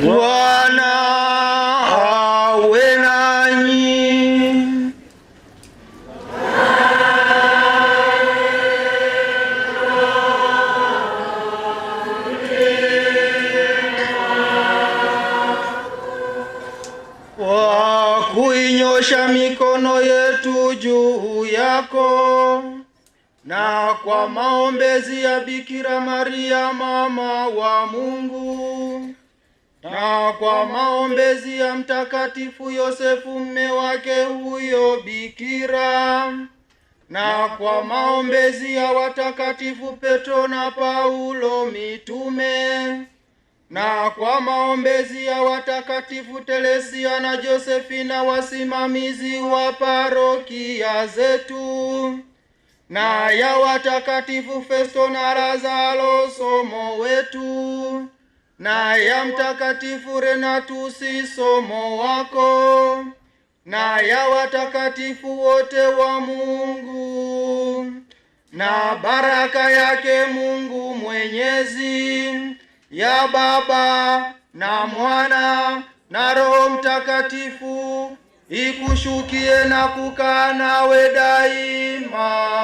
Bwana awe nanyi. Kwa kuinyosha mikono yetu juu yako na kwa maombezi ya Bikira Maria mama wa Mungu na kwa maombezi ya Mtakatifu Yosefu mme wake huyo bikira na kwa maombezi ya watakatifu Petro na Paulo mitume na kwa maombezi ya watakatifu Telesia na Josefina wasimamizi wa parokia zetu na ya watakatifu Festo na Lazaro somo wetu na ya Mtakatifu Renatusi somo wako na ya watakatifu wote wa Mungu na baraka yake Mungu Mwenyezi ya Baba na Mwana na Roho Mtakatifu ikushukie na kukaa nawe daima.